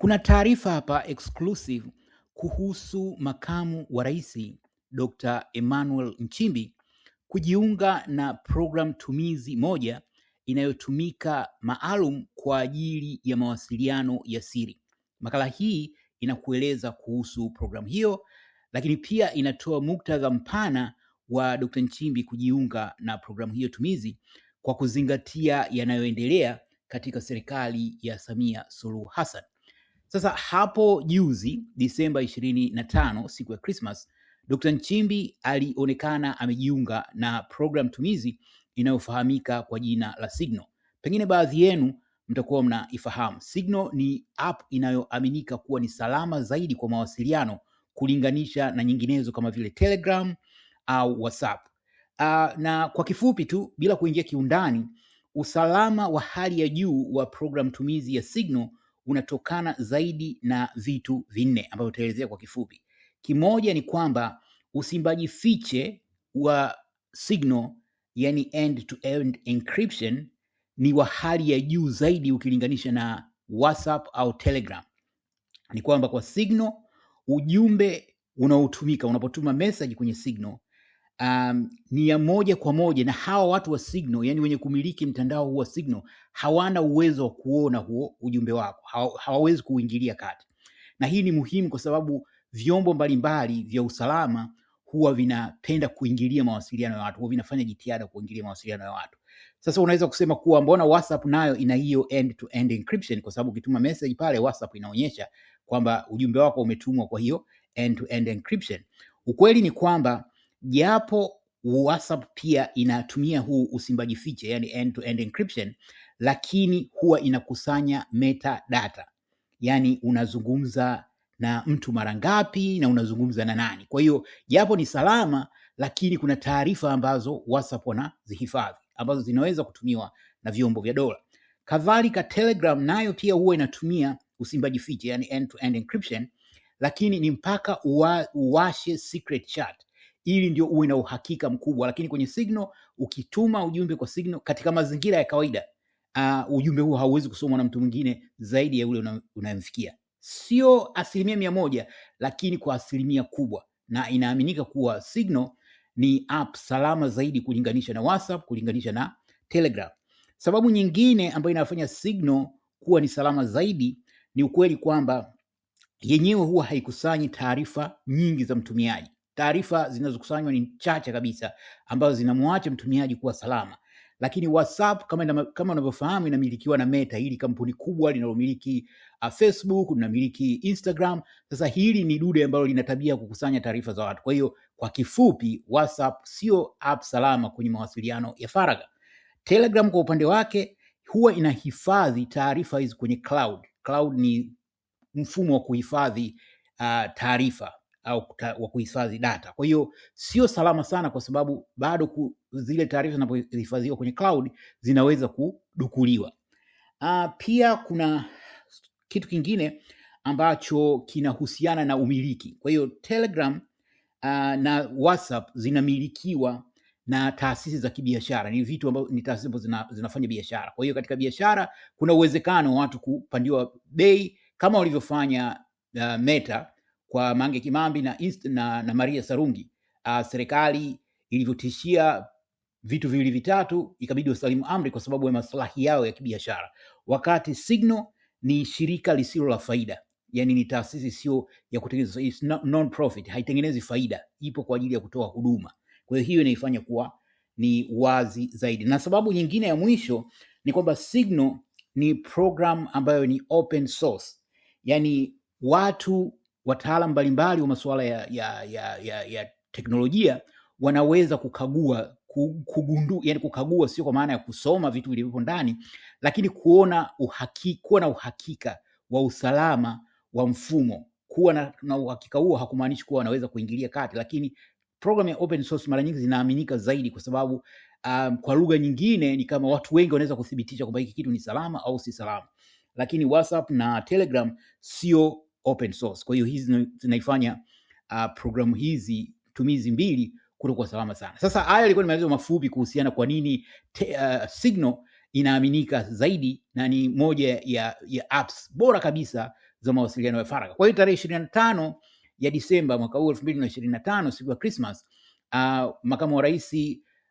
Kuna taarifa hapa exclusive kuhusu makamu wa rais Dr. Emmanuel Nchimbi kujiunga na program tumizi moja inayotumika maalum kwa ajili ya mawasiliano ya siri. Makala hii inakueleza kuhusu programu hiyo, lakini pia inatoa muktadha mpana wa Dr. Nchimbi kujiunga na programu hiyo tumizi kwa kuzingatia yanayoendelea katika serikali ya Samia Suluhu Hassan. Sasa hapo juzi Disemba ishirini na tano, siku ya Christmas, Dr. Nchimbi alionekana amejiunga na program tumizi inayofahamika kwa jina la Signal. Pengine baadhi yenu mtakuwa mnaifahamu. Signal ni app inayoaminika kuwa ni salama zaidi kwa mawasiliano kulinganisha na nyinginezo kama vile Telegram au WhatsApp. Uh, na kwa kifupi tu bila kuingia kiundani, usalama wa hali ya juu wa program tumizi ya Signal unatokana zaidi na vitu vinne ambavyo tutaelezea kwa kifupi. Kimoja ni kwamba usimbaji fiche wa signal, yani end to end encryption ni wa hali ya juu zaidi ukilinganisha na WhatsApp au Telegram. Ni kwamba kwa signal ujumbe unaotumika unapotuma message kwenye signal um, ni ya moja kwa moja, na hawa watu wa Signal, yani wenye kumiliki mtandao huu wa Signal hawana uwezo wa kuona huo ujumbe wako, hawawezi kuingilia kati, na hii ni muhimu kwa sababu vyombo mbalimbali vya usalama huwa vinapenda kuingilia mawasiliano ya watu, huwa vinafanya jitihada kuingilia mawasiliano ya watu. Sasa unaweza kusema kuwa mbona WhatsApp nayo ina hiyo end to end encryption, kwa sababu ukituma message pale WhatsApp inaonyesha kwamba ujumbe wako umetumwa kwa hiyo end to end encryption. Ukweli ni kwamba japo WhatsApp pia inatumia huu usimbaji fiche, yani end to end encryption, lakini huwa inakusanya metadata, yani unazungumza na mtu mara ngapi na unazungumza na nani. Kwa hiyo japo ni salama, lakini kuna taarifa ambazo WhatsApp wanazihifadhi ambazo zinaweza kutumiwa na vyombo vya dola. Kadhalika Telegram nayo pia huwa inatumia usimbaji fiche, yani end to end encryption, lakini ni mpaka uwashe secret chat ili ndio uwe na uhakika mkubwa. Lakini kwenye Signal, ukituma ujumbe kwa Signal katika mazingira ya kawaida uh, ujumbe huo hauwezi kusomwa na mtu mwingine zaidi ya ule unayemfikia. Sio asilimia mia moja, lakini kwa asilimia kubwa, na inaaminika kuwa Signal ni app salama zaidi kulinganisha na WhatsApp, kulinganisha na Telegram. Sababu nyingine ambayo inafanya Signal kuwa ni salama zaidi ni ukweli kwamba yenyewe huwa haikusanyi taarifa nyingi za mtumiaji taarifa zinazokusanywa ni chache kabisa ambazo zinamwacha mtumiaji kuwa salama. Lakini WhatsApp kama ina, kama unavyofahamu inamilikiwa na Meta, hili kampuni kubwa linalomiliki uh, Facebook, linamiliki Instagram. Sasa hili ni dude ambalo lina tabia kukusanya taarifa za watu. Kwa hiyo kwa kifupi, WhatsApp sio app salama kwenye mawasiliano ya faraga Telegram kwa upande wake huwa inahifadhi taarifa hizi kwenye cloud. Cloud ni mfumo wa kuhifadhi uh, taarifa au wa kuhifadhi data. Kwa hiyo sio salama sana, kwa sababu bado ku, zile taarifa zinapohifadhiwa kwenye cloud zinaweza kudukuliwa. Uh, pia kuna kitu kingine ambacho kinahusiana na umiliki. Kwa hiyo Telegram uh, na WhatsApp zinamilikiwa na taasisi za kibiashara, ni vitu ambavyo ni taasisi ambazo zina, zinafanya biashara. Kwa hiyo katika biashara kuna uwezekano watu kupandiwa bei kama walivyofanya uh, Meta kwa Mange Kimambi na, East, na, na Maria Sarungi uh, serikali ilivyotishia vitu viwili vitatu ikabidi wasalimu amri kwa sababu ya maslahi yao ya kibiashara, wakati Signal ni shirika lisilo la faida, yani ni taasisi sio ya kutengeneza, it's non profit, haitengenezi faida, ipo kwa ajili ya kutoa huduma. Kwa hiyo hiyo inaifanya kuwa ni wazi zaidi, na sababu nyingine ya mwisho ni kwamba Signal ni program ambayo ni open source, yani watu wataalam mbalimbali wa masuala ya, ya, ya, ya, ya teknolojia wanaweza kukagua kugundu, yani kukagua sio kwa maana ya kusoma vitu vilivyopo ndani, lakini kuona uhaki, kuwa na uhakika wa usalama wa mfumo. Kuwa na, na uhakika huo hakumaanishi kuwa wanaweza kuingilia kati, lakini program ya open source mara nyingi zinaaminika zaidi kwa sababu um, kwa lugha nyingine ni kama watu wengi wanaweza kuthibitisha kwamba hiki kitu ni salama au si salama, lakini WhatsApp na Telegram sio open source. Kwa hiyo hizi zinaifanya uh, programu hizi tumizi mbili kutokuwa salama sana. Sasa haya yalikuwa ni maelezo mafupi kuhusiana kwa nini te, uh, Signal inaaminika zaidi na ni moja ya, ya apps bora kabisa za mawasiliano ya faragha. Kwa hiyo tarehe ishirini na tano ya Disemba mwaka huu elfu mbili na ishirini na tano siku ya Christmas, uh, makamu wa rais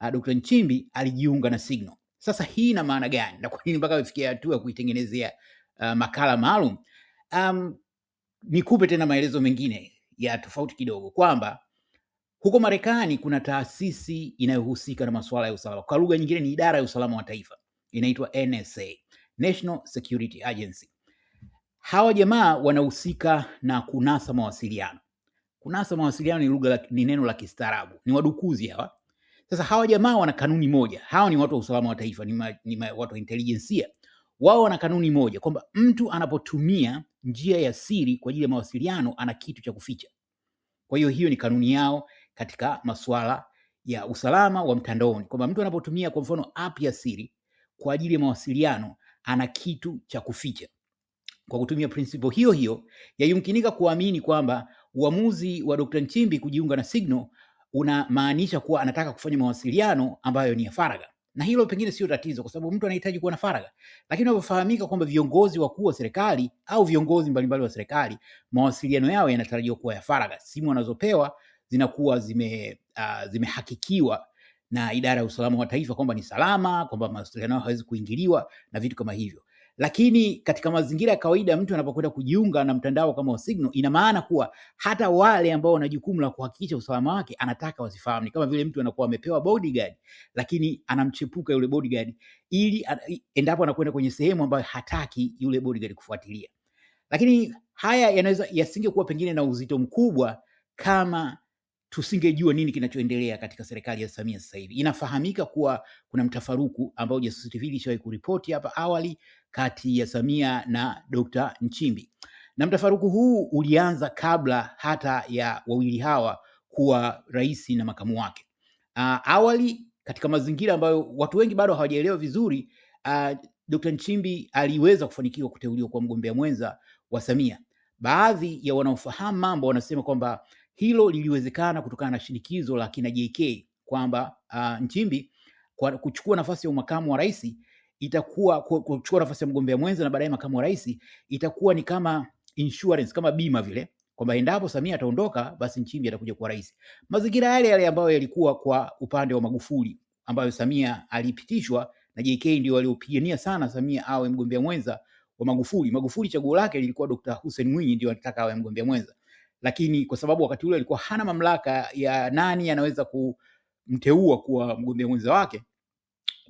uh, Dr. Nchimbi alijiunga na Signal. Sasa hii ina maana gani na kwa nini mpaka amefikia hatua ya kuitengenezea uh, makala maalum? Um, nikupe tena maelezo mengine ya tofauti kidogo kwamba huko Marekani kuna taasisi inayohusika na masuala ya usalama, kwa lugha nyingine ni idara ya usalama wa taifa, inaitwa NSA, National Security Agency. Hawa jamaa wanahusika na kunasa mawasiliano. Kunasa mawasiliano ni lugha, ni neno la kistaarabu, ni wadukuzi hawa. Sasa hawa jamaa wana kanuni moja, hawa ni watu wa usalama wa taifa, ni, ma, ni ma, watu wa intelijensia wao wana kanuni moja kwamba mtu anapotumia njia ya siri kwa ajili ya mawasiliano ana kitu cha kuficha. Kwa hiyo hiyo ni kanuni yao katika masuala ya usalama wa mtandaoni, kwamba mtu anapotumia kwa mfano app ya siri kwa ajili ya mawasiliano ana kitu cha kuficha. Kwa kutumia principle hiyo hiyo, yayumkinika kuamini kwamba uamuzi wa Dr. Nchimbi kujiunga na Signal unamaanisha kuwa anataka kufanya mawasiliano ambayo ni ya faragha na hilo pengine sio tatizo, kwa sababu mtu anahitaji kuwa na faraga Lakini unapofahamika kwamba viongozi wakuu wa serikali au viongozi mbalimbali wa serikali, mawasiliano yao yanatarajiwa kuwa ya faraga Simu wanazopewa zinakuwa zime, uh, zimehakikiwa na idara ya usalama wa taifa kwamba ni salama, kwamba mawasiliano yao hawezi kuingiliwa na vitu kama hivyo. Lakini katika mazingira ya kawaida, mtu anapokwenda kujiunga na mtandao kama wa Signal, ina maana kuwa hata wale ambao wana jukumu la kuhakikisha usalama wake anataka wasifahamu. Ni kama vile mtu anakuwa amepewa bodyguard, lakini anamchepuka yule bodyguard ili endapo anakwenda kwenye sehemu ambayo hataki yule bodyguard kufuatilia. Lakini haya yanaweza yasingekuwa pengine na uzito mkubwa kama tusingejua nini kinachoendelea katika serikali ya Samia sasa hivi. Inafahamika kuwa kuna mtafaruku ambao Jasusi TV ilishawahi kuripoti hapa awali kati ya Samia na d Nchimbi, na mtafaruku huu ulianza kabla hata ya wawili hawa kuwa rais na makamu wake. Uh, awali katika mazingira ambayo watu wengi bado hawajaelewa vizuri uh, ah, Dr. Nchimbi aliweza kufanikiwa kuteuliwa kwa mgombea mwenza wa Samia. Baadhi ya wanaofahamu mambo wanasema kwamba hilo liliwezekana kutokana na shinikizo la kina JK kwamba uh, Nchimbi kwa kuchukua nafasi ya makamu wa rais itakuwa kuchukua nafasi ya mgombea mwenza na baadaye makamu wa rais itakuwa ni kama insurance, kama bima vile kwamba endapo Samia ataondoka basi Nchimbi atakuja kuwa rais. Mazingira yale yale ambayo yalikuwa kwa upande wa Magufuli ambayo Samia alipitishwa na JK ndio waliopigania sana Samia awe mgombea mwenza wa Magufuli. Magufuli chaguo lake lilikuwa Dr. Hussein Mwinyi ndio alitaka awe mgombea mwenza lakini kwa sababu wakati ule alikuwa hana mamlaka ya nani anaweza kumteua kuwa mgombea mwenza wake,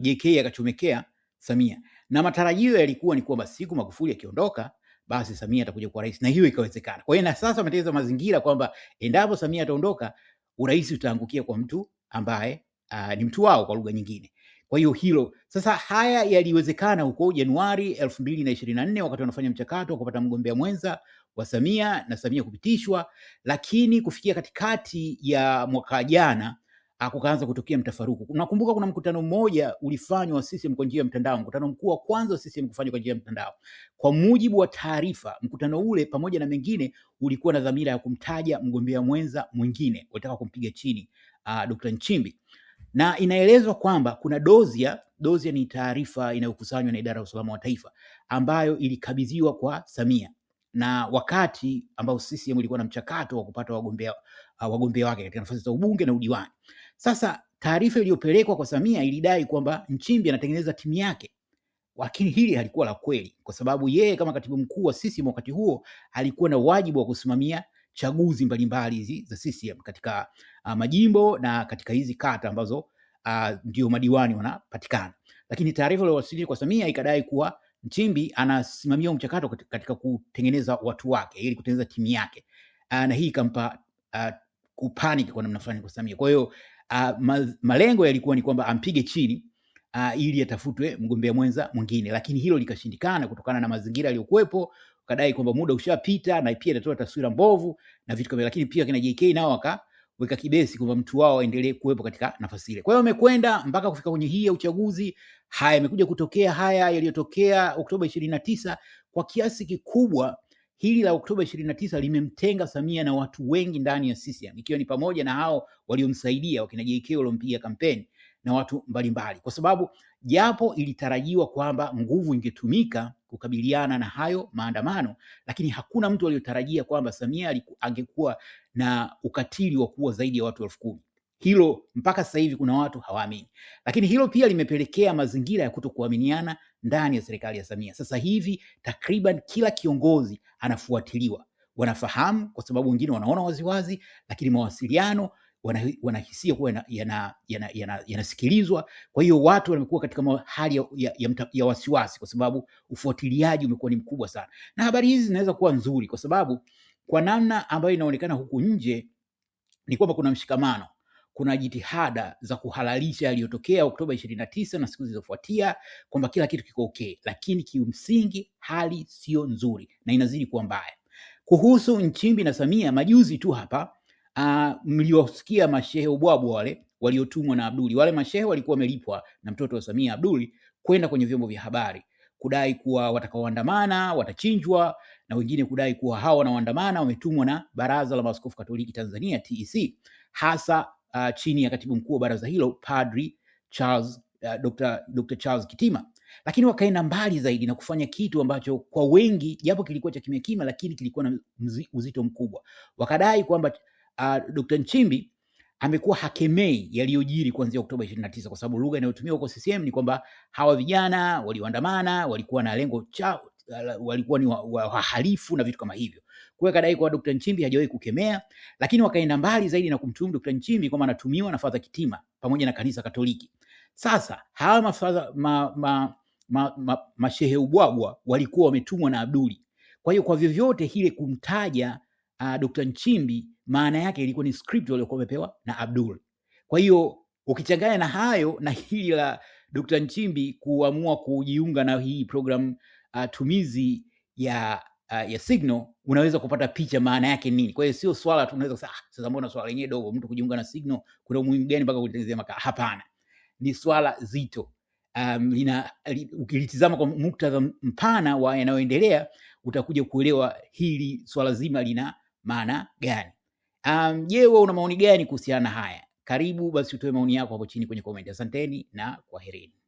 JK akachomekea Samia, na matarajio yalikuwa ni kwamba siku Magufuli akiondoka, basi Samia atakuja kuwa rais, na hiyo ikawezekana. Kwa hiyo na sasa ametengeneza mazingira kwamba endapo Samia ataondoka, urais utaangukia kwa mtu ambaye aa, ni mtu wao kwa lugha nyingine. Kwa hiyo hilo sasa, haya yaliwezekana huko Januari elfu mbili na ishirini na nne wakati wanafanya mchakato wa kupata mgombea mwenza wa Samia na Samia kupitishwa, lakini kufikia katikati ya mwaka jana ah, kukaanza kutokea mtafaruku. Nakumbuka kuna mkutano mmoja ulifanywa wa CCM kwa njia ya mtandao, mkutano mkuu wa kwanza wa CCM kufanywa kwa njia ya mtandao. Kwa mujibu wa taarifa, mkutano ule pamoja na mengine ulikuwa na dhamira ya kumtaja mgombea mwenza mwingine, wataka kumpiga chini uh, ah, Dr. Nchimbi, na inaelezwa kwamba kuna dozia dozia ni taarifa inayokusanywa na idara ya usalama wa taifa ambayo ilikabidhiwa kwa Samia na wakati ambao CCM ilikuwa na mchakato wa kupata wagombea uh, wagombea wake katika nafasi za ubunge na udiwani. Sasa taarifa iliyopelekwa kwa Samia ilidai kwamba Nchimbi anatengeneza timu yake, lakini hili halikuwa la kweli, kwa sababu yeye kama katibu mkuu wa CCM wakati huo alikuwa na wajibu wa kusimamia chaguzi mbalimbali hizi za CCM katika uh, majimbo na katika hizi kata ambazo uh, ndio madiwani wanapatikana, lakini taarifa iliyowasili kwa Samia ikadai kuwa Nchimbi anasimamia mchakato katika kutengeneza watu wake ili kutengeneza timu yake uh, na hii ikampa uh, kupanic kwa namna fulani kwa Samia. Kwa hiyo uh, malengo yalikuwa ni kwamba ampige chini uh, ili atafutwe mgombea mwenza mwingine, lakini hilo likashindikana kutokana na mazingira yaliyokuwepo, kadai kwamba muda ushapita na pia itatoa taswira mbovu na vitu kama, lakini pia kina JK nao waka kuweka kibesi kwamba mtu wao aendelee kuwepo katika nafasi ile. Kwa hiyo amekwenda mpaka kufika kwenye hii ya uchaguzi. Haya yamekuja kutokea haya yaliyotokea Oktoba ishirini na tisa. Kwa kiasi kikubwa hili la Oktoba ishirini na tisa limemtenga Samia na watu wengi ndani ya CCM, ikiwa ni pamoja na hao waliomsaidia wakina JK waliompiga kampeni na watu mbalimbali, kwa sababu Japo ilitarajiwa kwamba nguvu ingetumika kukabiliana na hayo maandamano, lakini hakuna mtu aliyotarajia kwamba Samia angekuwa na ukatili wa kuua zaidi ya watu elfu kumi. Hilo mpaka sasa hivi kuna watu hawaamini, lakini hilo pia limepelekea mazingira ya kutokuaminiana ndani ya serikali ya Samia. Sasa hivi takriban kila kiongozi anafuatiliwa, wanafahamu kwa sababu wengine wanaona waziwazi, lakini mawasiliano wanahisia kuwa yanasikilizwa. Kwa hiyo watu wamekuwa katika hali ya, ya, ya, ya wasiwasi, kwa sababu ufuatiliaji umekuwa ni mkubwa sana, na habari hizi zinaweza kuwa nzuri, kwa sababu kwa namna ambayo inaonekana huku nje ni kwamba kuna mshikamano kuna jitihada za kuhalalisha yaliyotokea Oktoba ishirini na tisa na siku zilizofuatia kwamba kila kitu kiko okay, lakini kimsingi hali sio nzuri na inazidi kuwa mbaya. Kuhusu Nchimbi na Samia, majuzi tu hapa uh, mashehe ubwabwa wale waliotumwa na Abduli. Wale mashehe walikuwa wamelipwa na mtoto wa Samia Abduli kwenda kwenye vyombo vya habari kudai kuwa watakaoandamana watachinjwa na wengine kudai kuwa hawa wanaoandamana wametumwa na Baraza la Maaskofu Katoliki Tanzania TEC, hasa uh, chini ya katibu mkuu wa baraza hilo Padri Charles uh, Dr. Dr. Charles Kitima. Lakini wakaenda mbali zaidi na kufanya kitu ambacho kwa wengi, japo kilikuwa cha kimya kimya, lakini kilikuwa na uzito mkubwa. Wakadai kwamba uh, ah, Dr. Nchimbi amekuwa hakemei yaliyojiri kuanzia Oktoba 29 kwa sababu lugha inayotumiwa huko CCM ni kwamba hawa vijana walioandamana walikuwa na lengo chao, walikuwa ni wahalifu na vitu kama hivyo. Kwa hiyo kadai kwa Dr. Nchimbi hajawahi kukemea, lakini wakaenda mbali zaidi na kumtuhumu Dr. Nchimbi kwamba anatumiwa na Father Kitima pamoja na kanisa Katoliki. Sasa hawa mafadha, ma, ma, ma, ma, mashehe ubwabwa walikuwa wametumwa na Abduli. Kwa hiyo kwa vyovyote hile kumtaja uh, ah, Dr. Nchimbi maana yake ilikuwa ni script waliokuwa wamepewa na Abdul. Kwa hiyo ukichanganya na hayo na hili la Dr. Nchimbi kuamua kujiunga na hii program uh, tumizi ya uh, ya Signal unaweza kupata picha maana yake nini. Kwa hiyo sio swala tu unaweza kusema ah, sasa mbona swala lenyewe dogo, mtu kujiunga na Signal kuna umuhimu gani mpaka kutengenezea makaa? Hapana, ni swala zito. Um, lina li, ukilitizama kwa muktadha mpana wa yanayoendelea utakuja kuelewa hili swala zima lina maana gani? Je, wewe una maoni gani kuhusiana na haya? Karibu basi utoe maoni yako hapo chini kwenye komenti. Asanteni na kwaherini.